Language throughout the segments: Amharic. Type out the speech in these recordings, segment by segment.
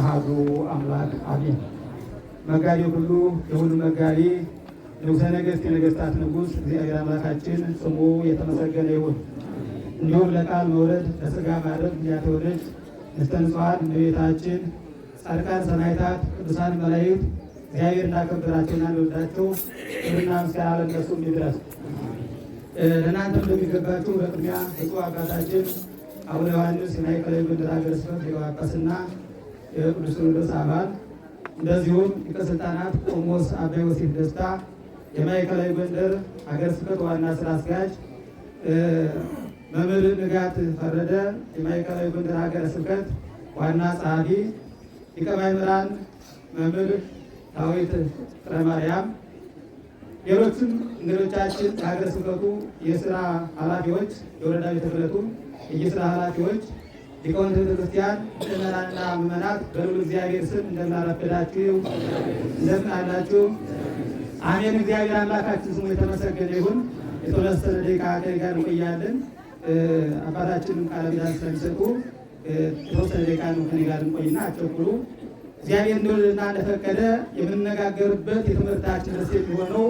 አሐዱ አምላክ አሜን። መጋቢ ሁሉ የሁሉ መጋቢ ንጉሠ ነገሥት የነገሥታት ንጉሥ እግዚአብሔር አምላካችን ስሙ የተመሰገነ ይሁን። እንዲሁም ለቃል መውረድ ለሥጋ ማድረግ ያተወለች እስተንጽዋት እመቤታችን፣ ጻድቃን ሰማዕታት፣ ቅዱሳን መላእክት እግዚአብሔር እንዳከበራቸውና እንደወደዳቸው ክብርና ምስጋና ለእነሱ እንዲድረስ ለእናንተም እንደሚገባችሁ በቅድሚያ ብፁዕ አባታችን አቡነ ዮሐንስ የማዕከላዊ ጎንደር ሀገረ ስብከት ሊቀ ጳጳስና የቅዱስ ሲኖዶስ አባል እንደዚሁም ሊቀ ሥልጣናት ቆሞስ አባ ዮሴፍ ደስታ የማዕከላዊ ጎንደር ሀገረ ስብከት ዋና ስራ አስኪያጅ መምህር ንጋት ፈረደ የማዕከላዊ ጎንደር ሀገረ ስብከት ዋና ጸሐፊ ሊቀ ማእምራን መምህር ዳዊት ፍረ ማርያም ሌሎችም እንግዶቻችን የሀገረ ስብከቱ የስራ ኃላፊዎች የወረዳ ቤተ ክህነቱ የስራ ኃላፊዎች ሊቃውንተ ቤተ ክርስቲያን፣ ምዕመናንና ምዕመናት በሉ እግዚአብሔር ስም እንደምናረፈዳችሁ እንደምን አላችሁ? አሜን። እግዚአብሔር አምላካችን ስሙ የተመሰገነ ይሁን። የተወሰነ ደቂቃ ጋር እንቆያለን። አባታችንም ቃለ ኪዳን ስለሚሰጡ የተወሰነ ደቂቃ ነው ከኔ ጋር እንቆይና አቸኩሉ። እግዚአብሔር እንደወደደና እንደፈቀደ የምንነጋገርበት የትምህርታችን ርዕስ የሚሆነው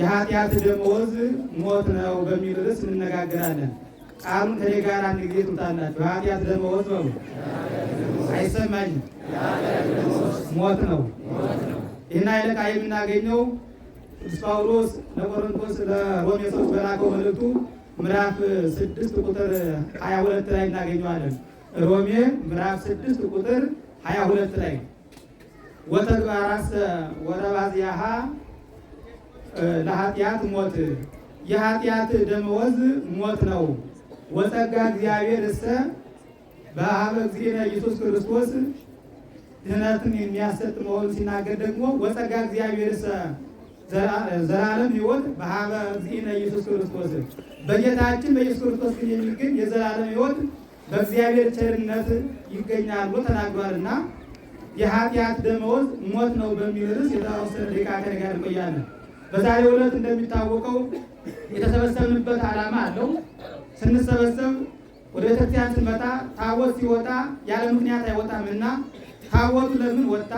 የኃጢአት ደመወዝ ሞት ነው በሚል ርዕስ እንነጋገራለን። ቃሉን ከኔ ጋር አንድ ጊዜ ትምጣላችሁ። ኃጢአት ለመወት ነው አይሰማኝም፣ ሞት ነው። ይህን አይለ ቃል የምናገኘው ቅዱስ ጳውሎስ ለቆሮንቶስ ለሮሜ ሰዎች በላከው መልእክቱ ምዕራፍ ስድስት ቁጥር ሀያ ሁለት ላይ እናገኘዋለን። ሮሜ ምዕራፍ ስድስት ቁጥር ሀያ ሁለት ላይ ወተግባራሰ ወረባዝያሃ ለኃጢአት ሞት የኃጢአት ደመወዝ ሞት ነው። ወጸጋ እግዚአብሔር እስተ በሀበ እግዚእነ ኢየሱስ ክርስቶስ ድኅነትን የሚያሰጥ መሆኑን ሲናገር ደግሞ ወጸጋ እግዚአብሔር እስተ ዘላለም ሕይወት በሀበ እግዚእነ ኢየሱስ ክርስቶስ በጌታችን በኢየሱስ ክርስቶስ ግን የሚገኝ የዘላለም ሕይወት በእግዚአብሔር ቸርነት ይገኛል ብሎ ተናግሯልና የኃጢአት ደመወዝ ሞት ነው በሚል ርዕስ የተወሰነ ደቂቃ ከእኔ ጋር እንቆያለን። በዛሬው ዕለት እንደሚታወቀው የተሰበሰብንበት ዓላማ አለው። ስንሰበሰብ ወደ ቤተክርስቲያን ስንመጣ ታቦት ሲወጣ ያለ ምክንያት አይወጣምና ታቦቱ ለምን ወጣ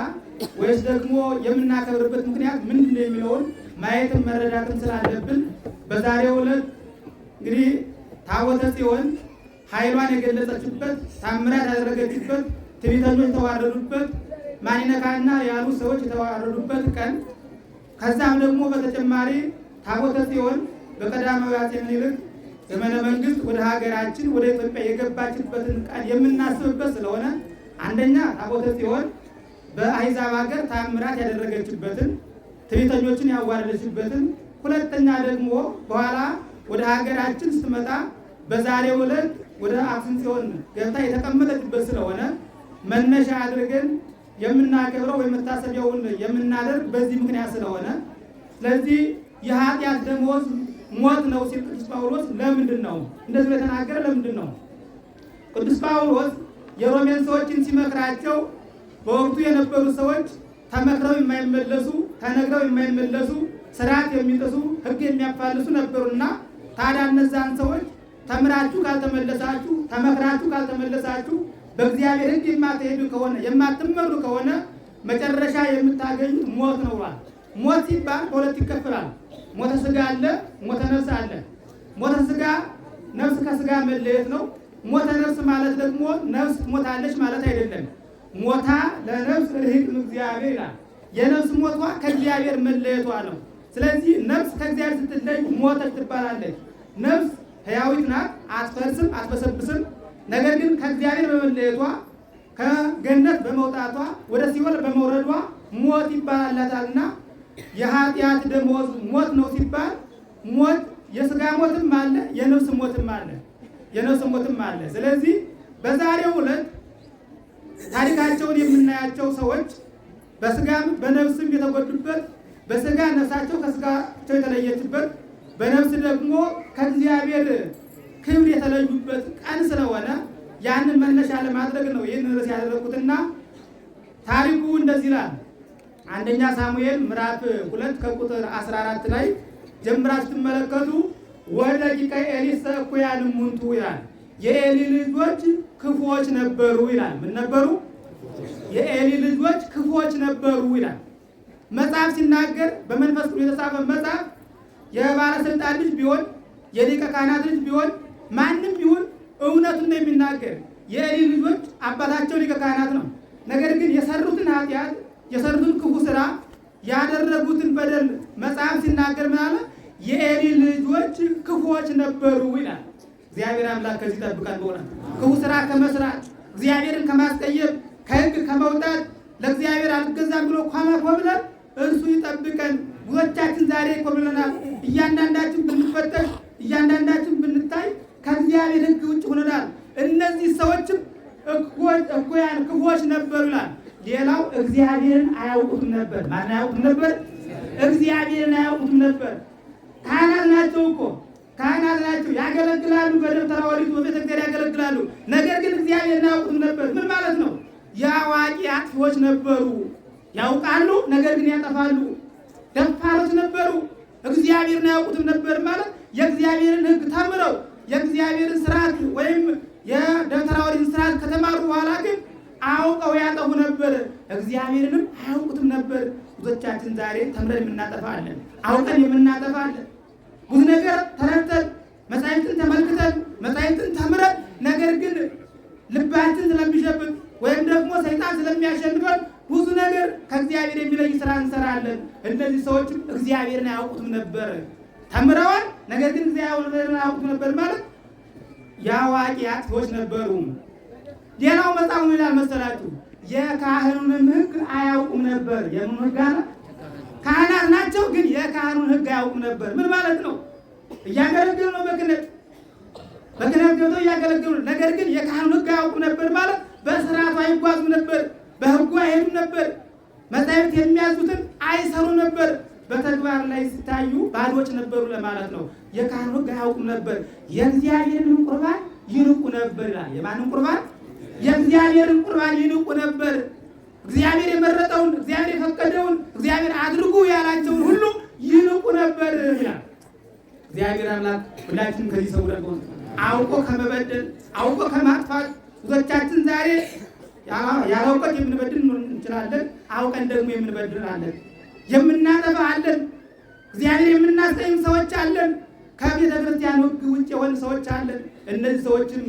ወይስ ደግሞ የምናከብርበት ምክንያት ምንድን ነው የሚለውን ማየትም መረዳትም ስላለብን በዛሬው ዕለት እንግዲህ ታቦተ ጽዮን ኃይሏን የገለጸችበት ታምራት ያደረገችበት ትዕቢተኞች የተዋረዱበት ማንነካና ያሉ ሰዎች የተዋረዱበት ቀን ከዛም ደግሞ በተጨማሪ ታቦተ ጽዮን በቀዳማዊ አጼ ምኒልክ ዘመነ መንግስት ወደ ሀገራችን ወደ ኢትዮጵያ የገባችበትን ቃል የምናስብበት ስለሆነ አንደኛ ታቦተ ጽዮን በአይዛብ ሀገር ታምራት ያደረገችበትን ትቤተኞችን ያዋረደችበትን፣ ሁለተኛ ደግሞ በኋላ ወደ ሀገራችን ስትመጣ በዛሬው ዕለት ወደ አክሱም ጽዮን ገብታ የተቀመጠችበት ስለሆነ መነሻ አድርገን የምናከብረው ወይም መታሰቢያውን የምናደርግ በዚህ ምክንያት ስለሆነ ስለዚህ የኃጢአት ደመወዝ ሞት ነው ሲል ቅዱስ ጳውሎስ ለምንድን ነው እንደዚህ በተናገረ? ለምንድን ነው ቅዱስ ጳውሎስ የሮሜን ሰዎችን ሲመክራቸው በወቅቱ የነበሩ ሰዎች ተመክረው የማይመለሱ ተነግረው የማይመለሱ ስርዓት የሚጥሱ ሕግ የሚያፋልሱ ነበሩና ታዲያ እነዛን ሰዎች ተምራችሁ ካልተመለሳችሁ ተመክራችሁ ካልተመለሳችሁ በእግዚአብሔር ሕግ የማትሄዱ ከሆነ የማትመሩ ከሆነ መጨረሻ የምታገኙት ሞት ነው ብሏል። ሞት ሲባል በሁለት ይከፍላል። ሞተ ስጋ አለ፣ ሞተ ነፍስ አለ። ሞተ ስጋ ነፍስ ከስጋ መለየት ነው። ሞተ ነፍስ ማለት ደግሞ ነፍስ ሞታለች ማለት አይደለም። ሞታ ለነፍስ ርህቅም እግዚአብሔር ይላል። የነፍስ ሞቷ ከእግዚአብሔር መለየቷ ነው። ስለዚህ ነፍስ ከእግዚአብሔር ስትለይ ሞተች ትባላለች። ነፍስ ህያዊት ናት፣ አትፈርስም፣ አትበሰብስም። ነገር ግን ከእግዚአብሔር በመለየቷ ከገነት በመውጣቷ ወደ ሲወል በመውረዷ ሞት ይባላላታልና የኃጢአት ደሞዝ ሞት ነው ሲባል ሞት የስጋ ሞትም አለ፣ የነፍስ ሞትም አለ፣ የነፍስ ሞትም አለ። ስለዚህ በዛሬው ዕለት ታሪካቸውን የምናያቸው ሰዎች በስጋም በነፍስም የተጎዱበት በስጋ ነፍሳቸው ከስጋቸው የተለየችበት በነፍስ ደግሞ ከእግዚአብሔር ክብር የተለዩበት ቀን ስለሆነ ያንን መነሻ ለማድረግ ነው ይህን ርዕስ ያደረግኩትና ታሪኩ እንደዚህ ይላል። አንደኛ ሳሙኤል ምዕራፍ ሁለት ከቁጥር 14 ላይ ጀምራ ስትመለከቱ ወደቂቀ ኤሊ ሰኩያን ሙንቱ ይላል። የኤሊ ልጆች ክፉዎች ነበሩ ይላል። ምን ነበሩ? የኤሊ ልጆች ክፉዎች ነበሩ ይላል። መጽሐፍ ሲናገር በመንፈስ ቅዱስ የተጻፈ መጽሐፍ የባለስልጣን ልጅ ቢሆን የሊቀ ካህናት ልጅ ቢሆን ማንም ቢሆን እውነቱን ነው የሚናገር። የኤሊ ልጆች አባታቸው ሊቀ ካህናት ነው። ነገር ግን የሰሩትን ኃጢአት የሰሩትን ክፉ ስራ ያደረጉትን በደል መጽሐፍ ሲናገር ምን አለ? የኤሊ ልጆች ክፉዎች ነበሩ ይላል። እግዚአብሔር አምላክ ከዚህ ይጠብቃል። በእውነት ክፉ ስራ ከመስራት እግዚአብሔርን ከማስቀየም ከህግ ከመውጣት ለእግዚአብሔር አልገዛም ብሎ ኳማ ኮብለን እርሱ ይጠብቀን። ብዙዎቻችን ዛሬ ኮብለናል። እያንዳንዳችን ብንፈተሽ፣ እያንዳንዳችን ብንታይ ከእግዚአብሔር ህግ ውጭ ሆነናል። እነዚህ ሰዎችም እኩያን ክፉዎች ነበሩ ይላል። ሌላው እግዚአብሔርን አያውቁትም ነበር። ማን አያውቁትም ነበር? እግዚአብሔርን አያውቁትም ነበር። ካህናት ናቸው እኮ ካህናት ናቸው፣ ያገለግላሉ። በደብተራ ኦሪት በቤተ ያገለግላሉ። ነገር ግን እግዚአብሔርን አያውቁትም ነበር። ምን ማለት ነው? የአዋቂ አጥፊዎች ነበሩ። ያውቃሉ፣ ነገር ግን ያጠፋሉ። ደፋሮች ነበሩ። እግዚአብሔርን አያውቁትም ነበር ማለት የእግዚአብሔርን ሕግ ተምረው የእግዚአብሔርን ስርዓት ወይም የደብተራ ኦሪትን ስርዓት ከተማሩ በኋላ ግን አውቀው ያጠፉ ነበር፣ እግዚአብሔርንም አያውቁትም ነበር። ብዙዎቻችን ዛሬ ተምረን የምናጠፋለን፣ አውቀን የምናጠፋለን። ብዙ ነገር ተረተን መጻሕፍትን ተመልክተን መጻሕፍትን ተምረን፣ ነገር ግን ልባችን ስለሚሸብቅ ወይም ደግሞ ሰይጣን ስለሚያሸንፈን ብዙ ነገር ከእግዚአብሔር የሚለይ ስራ እንሰራለን። እነዚህ ሰዎችም እግዚአብሔርን አያውቁትም ነበር። ተምረዋል፣ ነገር ግን እግዚአብሔርን አያውቁትም ነበር ማለት የአዋቂ አጥፊዎች ነበሩ። ሌላው መጽሐፍ ይላል መሰላችሁ የካህኑንም ሕግ አያውቁም ነበር። የምን ሕግ አለ? ካህናት ናቸው፣ ግን የካህኑን ሕግ አያውቁም ነበር። ምን ማለት ነው? እያገለገሉ ነው በክህነት በክህነት ገብተው እያገለገሉ ነገር ግን የካህኑን ሕግ አያውቁም ነበር ማለት በስርዓቱ አይጓዙም ነበር፣ በሕጉ አይሄዱም ነበር፣ መጻሕፍት የሚያዙትን አይሰሩም ነበር። በተግባር ላይ ሲታዩ ባዶች ነበሩ ለማለት ነው። የካህኑን ሕግ አያውቁም ነበር። የእግዚአብሔርን ቁርባን ይንቁ ነበር ይላል። የማንን ቁርባን የእግዚአብሔርን ቁርባን ይንቁ ነበር። እግዚአብሔር የመረጠውን እግዚአብሔር የፈቀደውን እግዚአብሔር አድርጉ ያላቸውን ሁሉ ይንቁ ነበር እግዚአብሔር አምላክ። ሁላችንም ከዚህ ሰው ደግሞ አውቆ ከመበደል አውቆ ከማጥፋት ብዙዎቻችን ዛሬ ያለ የምንበድል እንችላለን፣ አውቀን ደግሞ የምንበድል አለን፣ የምናጠፋ አለን። እግዚአብሔር የምናስቀይም ሰዎች አለን፣ ከቤተ ክርስቲያን ሕግ ውጭ የሆን ሰዎች አለን። እነዚህ ሰዎችም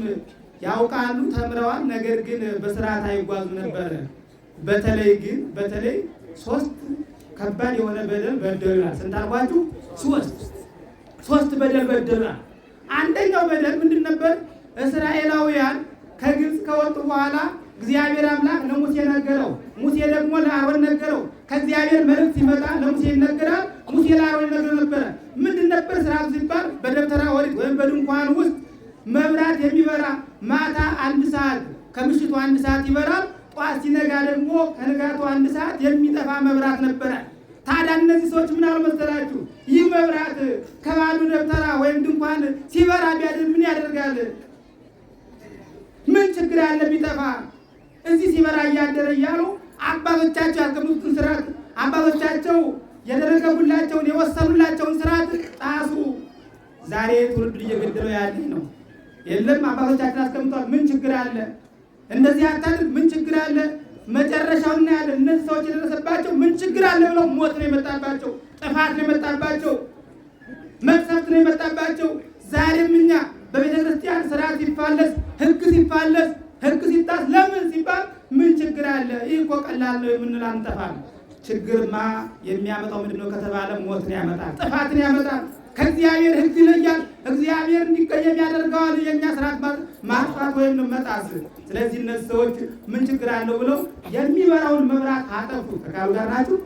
ያውቃሉ፣ ተምረዋል። ነገር ግን በስርዓት አይጓዙ ነበረ። በተለይ ግን በተለይ ሶስት ከባድ የሆነ በደል በደሉናል። ስንታልኳችሁ ሶስት ሶስት በደል በደሉናል። አንደኛው በደል ምንድን ነበር? እስራኤላውያን ከግብፅ ከወጡ በኋላ እግዚአብሔር አምላክ ለሙሴ ነገረው፣ ሙሴ ደግሞ ለአሮን ነገረው። ከእግዚአብሔር መልእክት ሲመጣ ለሙሴ ይነገራል፣ ሙሴ ለአሮን ነገረው ነበረ። ምንድን ነበር ስርዓቱ ሲባል በደብተራ ወሪት ወይም በድንኳን ውስጥ መብራት የሚበራ ማታ አንድ ሰዓት ከምሽቱ አንድ ሰዓት ይበራል። ጧት ሲነጋ ደግሞ ከንጋቱ አንድ ሰዓት የሚጠፋ መብራት ነበረ ታዲያ እነዚህ ሰዎች ምን አልመሰላችሁ? መሰላችሁ? ይህ መብራት ከባሉ ደብተራ ወይም ድንኳን ሲበራ ቢያድር ምን ያደርጋል? ምን ችግር አለ ቢጠፋ? እዚህ ሲበራ እያደረ እያሉ አባቶቻቸው ያስቀመጡትን ስርዓት አባቶቻቸው የደረገቡላቸውን የወሰኑላቸውን ስርዓት ጣሱ። ዛሬ ትውልድ እየገደለው ያለ ነው። የለም አባቶቻችን አስቀምጧል። ምን ችግር አለ? እንደዚህ አታድርግ፣ ምን ችግር አለ? እና ያለ እነዚህ ሰዎች የደረሰባቸው ምን ችግር አለ ብለው ሞት ነው የመጣባቸው፣ ጥፋት ነው የመጣባቸው፣ መቅሰፍት ነው የመጣባቸው። ዛሬም እኛ በቤተ ክርስቲያን ስርዓት ሲፋለስ፣ ህግ ሲፋለስ፣ ህግ ሲጣስ ለምን ሲባል ምን ችግር አለ? ይህ እኮ ቀላል ነው የምንል አንጠፋል። ችግርማ የሚያመጣው ምንድነው ከተባለ ሞትን ያመጣል፣ ጥፋትን ያመጣል፣ ከእግዚአብሔር ህግ ይለያል። እግዚአብሔር እንዲቀየም ያደርገዋል። የእኛ ስርዓት ማጥፋት ወይም መጣስ። ስለዚህ እነዚህ ሰዎች ምን ችግር አለው ብለው የሚበራውን መብራት አጠፉት። ተቃሉ ጋር ናችሁ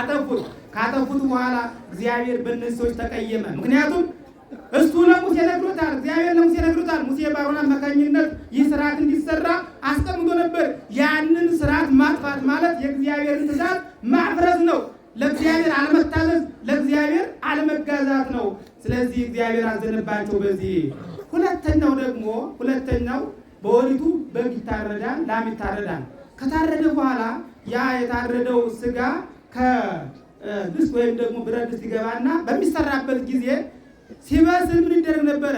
አጠፉት። ካጠፉት በኋላ እግዚአብሔር በእነዚህ ሰዎች ተቀየመ። ምክንያቱም እሱ ለሙሴ ነግሮታል፣ እግዚአብሔር ለሙሴ ነግሮታል። ሙሴ ባሮን አማካኝነት የሚታረደው ስጋ ከድስት ወይም ደግሞ ብረት ድስት ይገባና በሚሰራበት ጊዜ ሲበስል ምን ይደረግ ነበረ?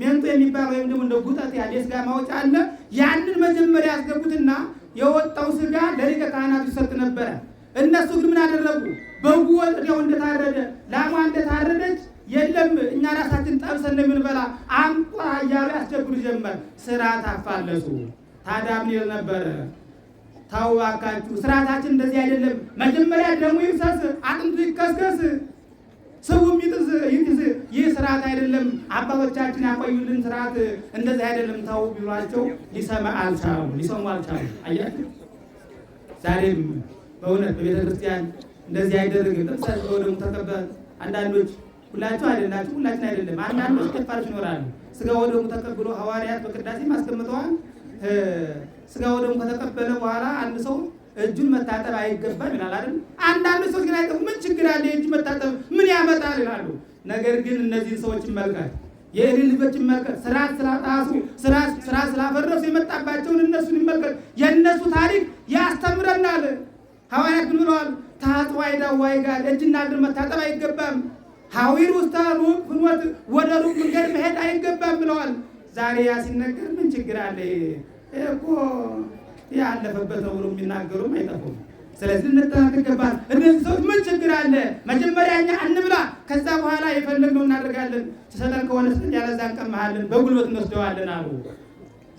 ሜንጦ የሚባል ወይም ደግሞ እንደ ጉጠት ያለ የስጋ ማውጫ አለ። ያንን መጀመሪያ ያስገቡትና የወጣው ስጋ ለሊቀ ካህናት ይሰጥ ነበረ። እነሱ ግን ምን አደረጉ? በጉ ወጥሬው እንደታረደ፣ ላሟ እንደታረደች የለም እኛ ራሳችን ጠብሰን እንደምንበላ አምጧ እያሉ ያስቸግሩ ጀመር። ስራ ታፋለሱ ታዳምን ነበረ ታዋካችሁ ስርዓታችን እንደዚህ አይደለም። መጀመሪያ ደሙ ይፍሰስ፣ አጥንቱ ይከስከስ፣ ስቡም ይጥስ ይጥስ። ይህ ስርዓት አይደለም። አባቶቻችን ያቆዩልን ስርዓት እንደዚህ አይደለም ታው ቢሏቸው ሊሰማ አልቻሉ፣ ሊሰሙ አልቻሉ። አያችሁ፣ ዛሬም በእውነት በቤተ ክርስቲያን እንደዚህ አይደረግም። ጥቅሰት በወደሙ ተቀበል አንዳንዶች ሁላችሁ አይደላችሁ፣ ሁላችን አይደለም። አንዳንዶች ከፋች ይኖራሉ። ስጋ ወደሙ ተቀብሎ ሐዋርያት በቅዳሴ አስቀምጠዋል። ስጋ ወደሙ ከተቀበለ በኋላ አንድ ሰው እጁን መታጠብ አይገባም ይላል አይደል? አንዳንድ ሰዎች ግን አይጠፉ ምን ችግር አለ የእጁ መታጠብ ምን ያመጣል ይላሉ። ነገር ግን እነዚህን ሰዎች መልከት፣ የእህል ልጆች መልከት፣ ስራ ስላጣሱ ስራ ስላፈረሱ የመጣባቸውን እነሱን መልከት። የእነሱ ታሪክ ያስተምረናል። ሐዋርያት ምን ብለዋል? ታጥቦ አይዳዋይ ጋር እጅና እግር መታጠብ አይገባም። ሐዊር ውስተ ሩቅ ፍኖት፣ ወደ ሩቅ መንገድ መሄድ አይገባም ብለዋል። ዛሬ ያ ሲነገር ምን ችግር አለ እኮ ያለፈበት ብሎ የሚናገሩም አይጠፉም። ስለዚህ ልንጠናቅ ይገባል። እነዚህ ሰዎች ምን ችግር አለ? መጀመሪያ እኛ እንብላ፣ ከዛ በኋላ የፈለግነው እናደርጋለን። ሰጠን ከሆነ ስጠን፣ ያለዛ እንቀምሃለን፣ በጉልበት እንወስደዋለን አሉ።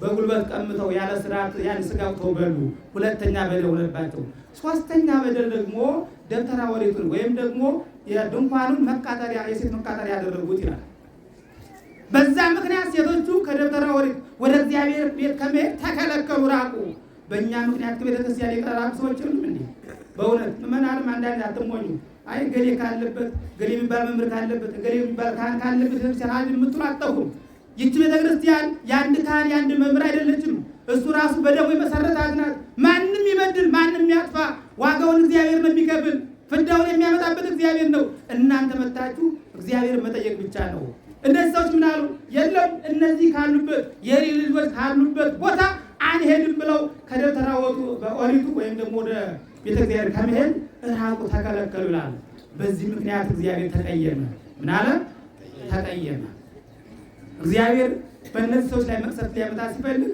በጉልበት ቀምተው ያለ ስርዓት ያን ስጋብቶ በሉ። ሁለተኛ በደል ሆነባቸው። ሶስተኛ በደል ደግሞ ደብተራ ወሬቱን ወይም ደግሞ የድንኳኑን መቃጠሪያ የሴት መቃጠሪያ ያደረጉት ይላል በዛ ምክንያት ሴቶቹ ከደብተራ ወደ እግዚአብሔር ቤት ከመሄድ ተከለከሉ፣ ራቁ። በእኛ ምክንያት ከቤተክርስቲያን የቀራራቁ ሰዎች ሁሉም እንዲ በእውነት ምመናንም አንዳንድ አትሞኙ። አይ ገሌ ካለበት ገሌ የሚባል መምህር ካለበት ገሌ የሚባል ካህን ካለበት ቤተክርስቲያን አንድ የምትሉ አትጠፉም። ይቺ ቤተክርስቲያን የአንድ ካህን የአንድ መምህር አይደለችም። እሱ ራሱ በደቡ የመሰረታት ናት። ማንም ይበድል፣ ማንም ያጥፋ፣ ዋጋውን እግዚአብሔር ነው የሚከፍል። ፍዳውን የሚያመጣበት እግዚአብሔር ነው። እናንተ መታችሁ እግዚአብሔር መጠየቅ ብቻ ነው። እነዚህ ሰዎች ምን አሉ? የለም እነዚህ ካሉበት የሪ ልጆች ካሉበት ቦታ አንሄድም ብለው ከደብተራ ወጡ። በኦሪቱ ወይም ደግሞ ወደ ቤተ እግዚአብሔር ከመሄድ እራቁ ተከለከሉ ይላል። በዚህ ምክንያት እግዚአብሔር ተቀየመ። ምን አለ? ተቀየመ። እግዚአብሔር በእነዚህ ሰዎች ላይ መቅሰፍት ሊያመጣ ሲፈልግ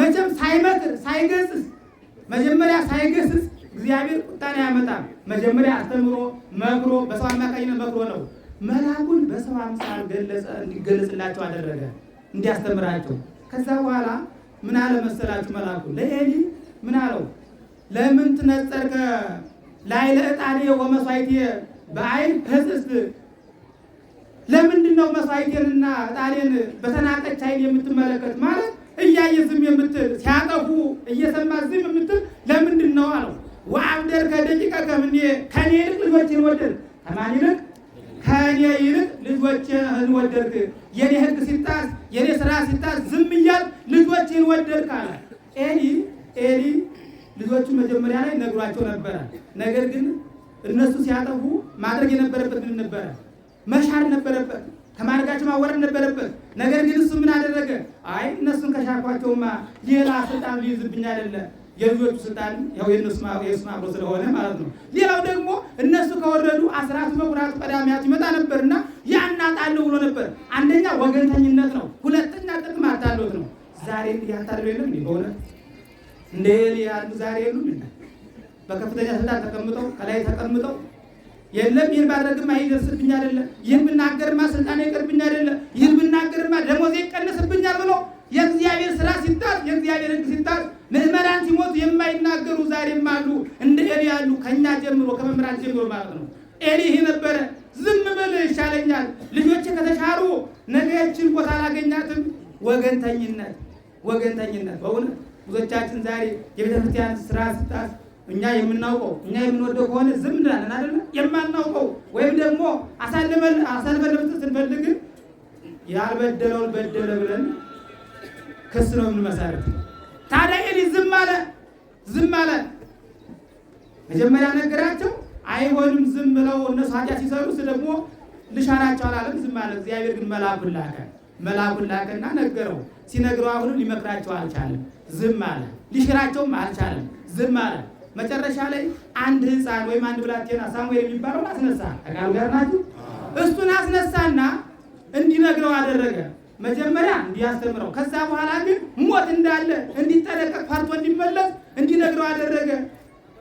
መቼም ሳይመክር ሳይገስስ መጀመሪያ ሳይገስስ እግዚአብሔር ቁጣን ያመጣ። መጀመሪያ አስተምሮ መክሮ፣ በሰው አማካኝነት መክሮ ነው መልአኩን በሰው አምሳል እንዲገለጽላቸው አደረገ፣ እንዲያስተምራቸው። ከዛ በኋላ ምን አለ መሰላችሁ? መልአኩ ለኤሊ ምን አለው? ለምን ትነጸርከ ላይለ እጣኔ ወመሥዋዕቴ በአይን ህጽጽ ለምንድን ነው መስዋዕቴንና እጣኔን በተናቀች አይን የምትመለከት? ማለት እያየ ዝም የምትል ሲያጠፉ እየሰማ ዝም የምትል ለምንድን ነው አለው። ወአብደርከ ደቂቀከ ምኔ ከኔ ይልቅ ልጆችን ወደድ ከማን ይልቅ ከእኔ ይልቅ ልጆችህን ወደድክ። የኔ ሕግ ሲጣስ፣ የኔ ስራ ሲጣስ ዝም እያል ልጆችህን ወደድክ አለ። ኤሊ ኤሊ ልጆቹ መጀመሪያ ላይ ነግሯቸው ነበረ። ነገር ግን እነሱ ሲያጠፉ ማድረግ የነበረበት ምን ነበረ? መሻር ነበረበት። ከማድረጋቸው ማወረድ ነበረበት። ነገር ግን እሱ ምን አደረገ? አይ እነሱን ከሻርኳቸውማ ሌላ ስልጣን ሊይዝብኝ አይደለም የልጆቹ ስልጣን ያው የሱማሮ ስለሆነ ማለት ነው። ሌላው ደግሞ እነሱ ከወረዱ አስራት በኩራት ቀዳሚያት ይመጣ ነበርና ያናጣለው ብሎ ነበር። አንደኛ ወገንተኝነት ነው፣ ሁለተኛ ጥቅም አታሎት ነው። ዛሬ እንዲህ ያታለው የለም በእውነት እንደ ያሉ ዛሬ የሉም። በከፍተኛ ስልጣን ተቀምጠው ከላይ ተቀምጠው የለም ይህን ባደረግማ ይደርስብኝ አይደለም፣ ይህን ብናገርማ ስልጣን ይቀርብኝ አይደለም፣ ይህን ብናገርማ ደሞዝ ይቀንስብኛል ብሎ የእግዚአብሔር ስራ ሲጣስ የእግዚአብሔር ህግ ሲጣስ ምዕመናን ሲሞቱ የማይናገሩ ዛሬም አሉ። እንደ ኤሊ ያሉ ከእኛ ጀምሮ ከመምህራን ጀምሮ ማለት ነው። ኤሊ ይሄ ነበረ ዝም ብል ይሻለኛል፣ ልጆች ከተሻሩ ነገያችን ቦታ አላገኛትም። ወገንተኝነት ወገንተኝነት በእውነት ብዙዎቻችን ዛሬ የቤተክርስቲያን ስራ ስታስ እኛ የምናውቀው እኛ የምንወደው ከሆነ ዝም እንላለን አይደለ? የማናውቀው ወይም ደግሞ አሳልፈን አሳልፈን ለመስጠት ስንፈልግ ያልበደለውን በደለ ብለን ክስ ነው የምንመሰርት። ታዲያ ኤሊ ዝም አለ ዝም አለ። መጀመሪያ ነገራቸው አይሆንም ዝም ብለው እነሱ ኃጢአት ሲሰሩ ደግሞ ልሻራቸው አላለም፣ ዝም አለ። እግዚአብሔር ግን መልአኩን ላከ። መልአኩን ላከና ነገረው። ሲነግረው አሁንም ሊመክራቸው አልቻለም፣ ዝም አለ። ሊሽራቸውም አልቻለም፣ ዝም አለ። መጨረሻ ላይ አንድ ህፃን ወይም አንድ ብላቴና ሳሙኤል የሚባለውን አስነሳ። ተቃሉ ጋር ናችሁ። እሱን አስነሳና እንዲነግረው አደረገ። መጀመሪያ እንዲያስተምረው ከዛ በኋላ ግን ሞት እንዳለ እንዲጠነቀቅ ፈርቶ እንዲመለስ እንዲነግረው አደረገ።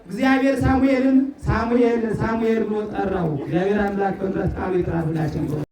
እግዚአብሔር ሳሙኤልን ሳሙኤል ሳሙኤል ብሎ ጠራው። እግዚአብሔር አምላክ በምሕረት ቃሉ ይጥራላቸው።